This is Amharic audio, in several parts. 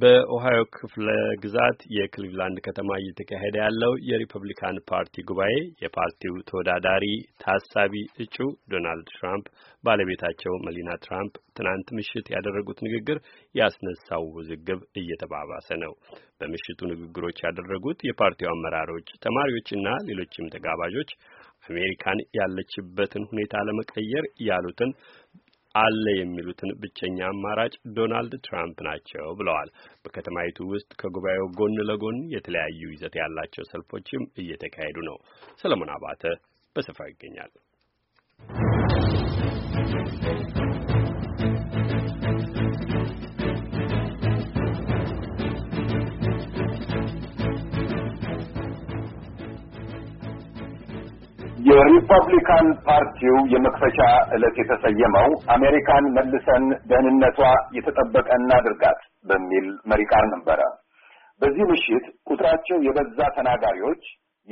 በኦሃዮ ክፍለ ግዛት የክሊቭላንድ ከተማ እየተካሄደ ያለው የሪፐብሊካን ፓርቲ ጉባኤ የፓርቲው ተወዳዳሪ ታሳቢ እጩ ዶናልድ ትራምፕ ባለቤታቸው መሊና ትራምፕ ትናንት ምሽት ያደረጉት ንግግር ያስነሳው ውዝግብ እየተባባሰ ነው። በምሽቱ ንግግሮች ያደረጉት የፓርቲው አመራሮች፣ ተማሪዎችና ሌሎችም ተጋባዦች አሜሪካን ያለችበትን ሁኔታ ለመቀየር ያሉትን አለ የሚሉትን ብቸኛ አማራጭ ዶናልድ ትራምፕ ናቸው ብለዋል። በከተማይቱ ውስጥ ከጉባኤው ጎን ለጎን የተለያዩ ይዘት ያላቸው ሰልፎችም እየተካሄዱ ነው። ሰለሞን አባተ በስፍራው ይገኛል። የሪፐብሊካን ፓርቲው የመክፈቻ ዕለት የተሰየመው አሜሪካን መልሰን ደህንነቷ የተጠበቀ እናድርጋት በሚል መሪ ቃል ነበረ። በዚህ ምሽት ቁጥራቸው የበዛ ተናጋሪዎች፣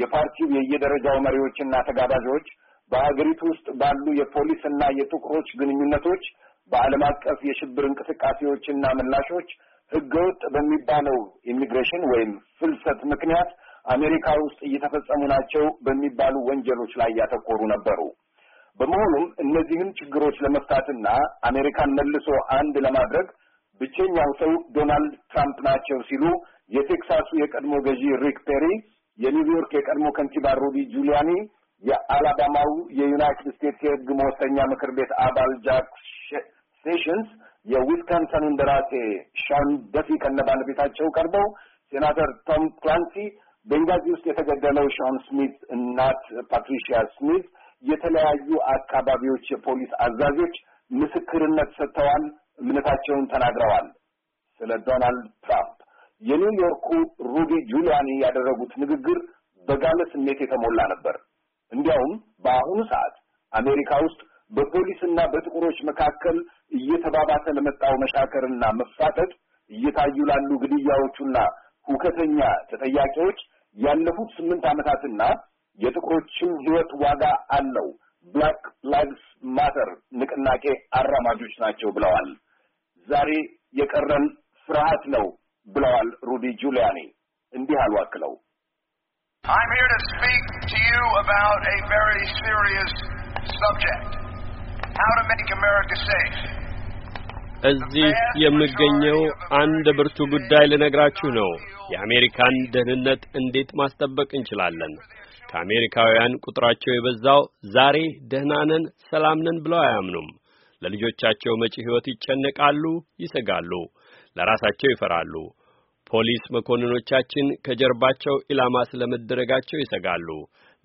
የፓርቲው የየደረጃው መሪዎችና ተጋባዦች በሀገሪቱ ውስጥ ባሉ የፖሊስና የጥቁሮች ግንኙነቶች፣ በዓለም አቀፍ የሽብር እንቅስቃሴዎችና ምላሾች፣ ህገወጥ በሚባለው ኢሚግሬሽን ወይም ፍልሰት ምክንያት አሜሪካ ውስጥ እየተፈጸሙ ናቸው በሚባሉ ወንጀሎች ላይ ያተኮሩ ነበሩ። በመሆኑም እነዚህን ችግሮች ለመፍታትና አሜሪካን መልሶ አንድ ለማድረግ ብቸኛው ሰው ዶናልድ ትራምፕ ናቸው ሲሉ የቴክሳሱ የቀድሞ ገዢ ሪክ ፔሪ፣ የኒውዮርክ የቀድሞ ከንቲባ ሩዲ ጁሊያኒ፣ የአላባማው የዩናይትድ ስቴትስ የሕግ መወሰኛ ምክር ቤት አባል ጃክ ሴሽንስ፣ የዊስካንሰኑን ደራሴ ሻን ደፊ ከነባለቤታቸው ቀርበው ሴናተር ቶም ክላንሲ ቤንጋዚ ውስጥ የተገደለው ሾን ስሚት እናት ፓትሪሺያ ስሚት የተለያዩ አካባቢዎች የፖሊስ አዛዦች ምስክርነት ሰጥተዋል፣ እምነታቸውን ተናግረዋል። ስለ ዶናልድ ትራምፕ የኒውዮርኩ ሩዲ ጁሊያኒ ያደረጉት ንግግር በጋለ ስሜት የተሞላ ነበር። እንዲያውም በአሁኑ ሰዓት አሜሪካ ውስጥ በፖሊስና በጥቁሮች መካከል እየተባባሰ ለመጣው መሻከርና መፋጠጥ እየታዩ ላሉ ግድያዎቹና ሁከተኛ ተጠያቂዎች ያለፉት ስምንት ዓመታትና የጥቁሮችን ህይወት ዋጋ አለው ብላክ ላይቭስ ማተር ንቅናቄ አራማጆች ናቸው ብለዋል። ዛሬ የቀረን ፍርሃት ነው ብለዋል ሩዲ ጁሊያኒ። እንዲህ አሉ አክለው I'm here to speak to you about a very serious subject. How to make America safe. እዚህ የምገኘው አንድ ብርቱ ጉዳይ ልነግራችሁ ነው። የአሜሪካን ደህንነት እንዴት ማስጠበቅ እንችላለን? ከአሜሪካውያን ቁጥራቸው የበዛው ዛሬ ደህና ነን፣ ሰላም ነን ብለው አያምኑም። ለልጆቻቸው መጪ ሕይወት ይጨነቃሉ፣ ይሰጋሉ፣ ለራሳቸው ይፈራሉ። ፖሊስ መኮንኖቻችን ከጀርባቸው ኢላማ ስለመደረጋቸው ይሰጋሉ።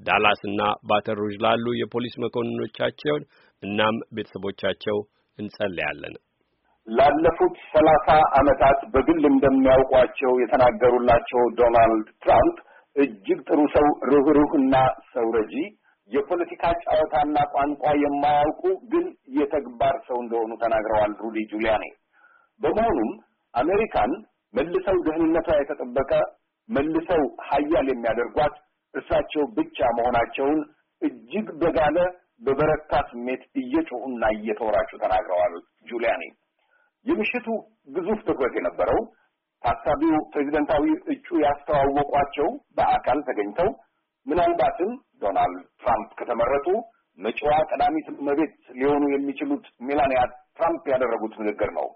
ዳላስና ባተን ሩዥ ላሉ የፖሊስ መኮንኖቻቸውን እናም ቤተሰቦቻቸው እንጸልያለን። ላለፉት ሰላሳ ዓመታት በግል እንደሚያውቋቸው የተናገሩላቸው ዶናልድ ትራምፕ እጅግ ጥሩ ሰው፣ ርኅሩህ ሰው ረጂ የፖለቲካ ጨዋታና ቋንቋ የማያውቁ ግን የተግባር ሰው እንደሆኑ ተናግረዋል ሩዲ ጁሊያኒ። በመሆኑም አሜሪካን መልሰው ደህንነቷ የተጠበቀ መልሰው ሀያል የሚያደርጓት እርሳቸው ብቻ መሆናቸውን እጅግ በጋለ በበረታ ስሜት እየጮሁና እየተወራጩ ተናግረዋል ጁሊያኒ። የምሽቱ ግዙፍ ትኩረት የነበረው ታሳቢው ፕሬዚደንታዊ እጩ ያስተዋወቋቸው በአካል ተገኝተው ምናልባትም ዶናልድ ትራምፕ ከተመረጡ መጪዋ ቀዳሚት እመቤት ሊሆኑ የሚችሉት ሜላኒያ ትራምፕ ያደረጉት ንግግር ነው።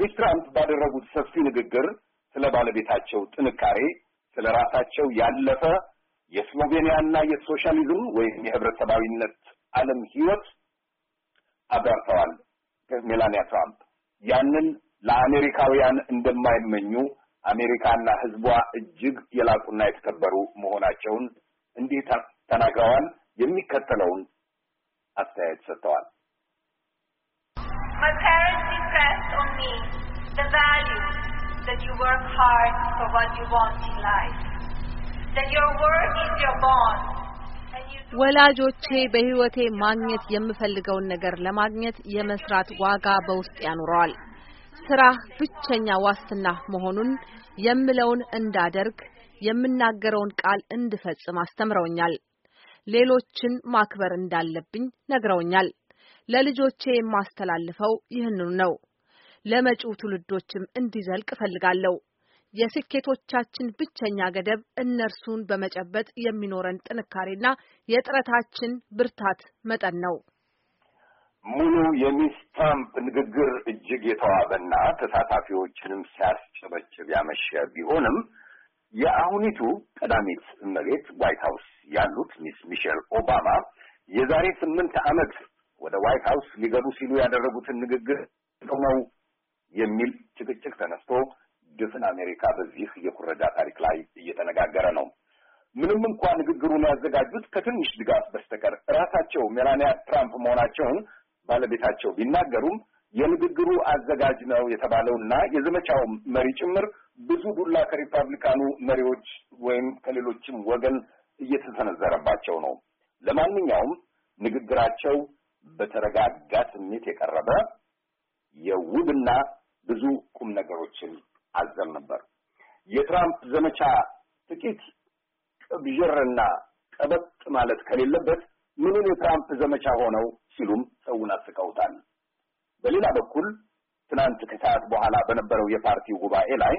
ሚስ ትራምፕ ባደረጉት ሰፊ ንግግር ስለ ባለቤታቸው ጥንካሬ፣ ስለ ራሳቸው ያለፈ የስሎቬኒያና የሶሻሊዝም ወይም የህብረተሰባዊነት ዓለም ህይወት አብራርተዋል ሜላኒያ ትራምፕ ያንን ለአሜሪካውያን እንደማይመኙ አሜሪካና ሕዝቧ እጅግ የላቁና የተከበሩ መሆናቸውን እንዲህ ተናግረዋል። የሚከተለውን አስተያየት ሰጥተዋል። that your work is your bond ወላጆቼ በህይወቴ ማግኘት የምፈልገውን ነገር ለማግኘት የመስራት ዋጋ በውስጥ ያኖረዋል። ስራ ብቸኛ ዋስትና መሆኑን የምለውን እንዳደርግ የምናገረውን ቃል እንድፈጽም አስተምረውኛል። ሌሎችን ማክበር እንዳለብኝ ነግረውኛል። ለልጆቼ የማስተላልፈው ይህንኑ ነው። ለመጪው ትውልዶችም እንዲዘልቅ እፈልጋለሁ። የስኬቶቻችን ብቸኛ ገደብ እነርሱን በመጨበጥ የሚኖረን ጥንካሬና የጥረታችን ብርታት መጠን ነው። ሙሉ የሚስ ትራምፕ ንግግር እጅግ የተዋበና ተሳታፊዎችንም ሲያስጨበጭብ ያመሸ ቢሆንም የአሁኒቱ ቀዳሚት እመቤት ዋይት ሀውስ ያሉት ሚስ ሚሼል ኦባማ የዛሬ ስምንት ዓመት ወደ ዋይት ሀውስ ሊገቡ ሲሉ ያደረጉትን ንግግር ነው የሚል ጭቅጭቅ ተነስቶ ድፍን አሜሪካ በዚህ የኩረጃ ታሪክ ላይ እየተነጋገረ ነው። ምንም እንኳ ንግግሩን ያዘጋጁት ከትንሽ ድጋፍ በስተቀር ራሳቸው ሜላኒያ ትራምፕ መሆናቸውን ባለቤታቸው ቢናገሩም የንግግሩ አዘጋጅ ነው የተባለውና የዘመቻው መሪ ጭምር ብዙ ዱላ ከሪፐብሊካኑ መሪዎች ወይም ከሌሎችም ወገን እየተሰነዘረባቸው ነው። ለማንኛውም ንግግራቸው በተረጋጋ ስሜት የቀረበ የውብና ብዙ ቁም ነገሮችን አዘል ነበር። የትራምፕ ዘመቻ ጥቂት ቅብዥርና ቀበጥ ማለት ከሌለበት ምንም የትራምፕ ዘመቻ ሆነው ሲሉም ሰውን አስቀውታል። በሌላ በኩል ትናንት ከሰዓት በኋላ በነበረው የፓርቲው ጉባኤ ላይ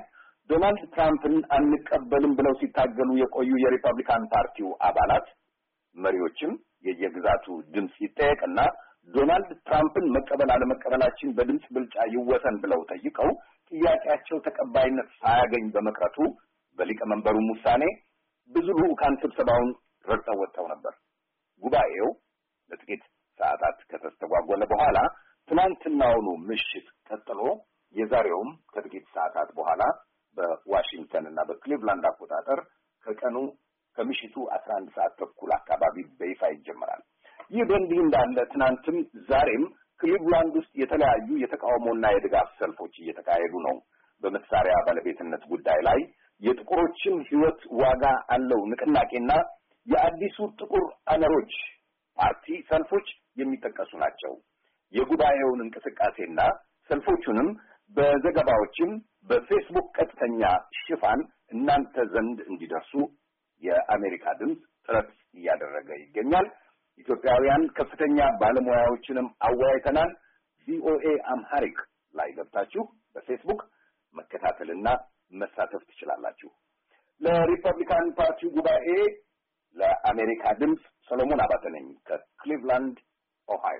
ዶናልድ ትራምፕን አንቀበልም ብለው ሲታገሉ የቆዩ የሪፐብሊካን ፓርቲው አባላት መሪዎችም የየግዛቱ ድምፅ ይጠየቅና ዶናልድ ትራምፕን መቀበል አለመቀበላችን በድምፅ ብልጫ ይወሰን ብለው ጠይቀው ጥያቄያቸው ተቀባይነት ሳያገኝ በመቅረቱ በሊቀመንበሩም ውሳኔ ብዙ ልዑካን ስብሰባውን ረግጠው ወጥተው ነበር። ጉባኤው ለጥቂት ሰዓታት ከተስተጓጎለ በኋላ ትናንትናውኑ ምሽት ቀጥሎ የዛሬውም ከጥቂት ሰዓታት በኋላ በዋሽንግተን እና በክሊቭላንድ ይህ በእንዲህ እንዳለ ትናንትም ዛሬም ክሊቭላንድ ውስጥ የተለያዩ የተቃውሞና የድጋፍ ሰልፎች እየተካሄዱ ነው። በመሳሪያ ባለቤትነት ጉዳይ ላይ የጥቁሮችን ሕይወት ዋጋ አለው ንቅናቄና የአዲሱ ጥቁር አነሮች ፓርቲ ሰልፎች የሚጠቀሱ ናቸው። የጉባኤውን እንቅስቃሴና ሰልፎቹንም በዘገባዎችም በፌስቡክ ቀጥተኛ ሽፋን እናንተ ዘንድ እንዲደርሱ የአሜሪካ ድምፅ ጥረት እያደረገ ይገኛል። ኢትዮጵያውያን ከፍተኛ ባለሙያዎችንም አወያይተናል። ቪኦኤ አምሃሪክ ላይ ገብታችሁ በፌስቡክ መከታተልና መሳተፍ ትችላላችሁ። ለሪፐብሊካን ፓርቲው ጉባኤ ለአሜሪካ ድምፅ ሰሎሞን አባተ ነኝ ከክሊቭላንድ ኦሃዮ።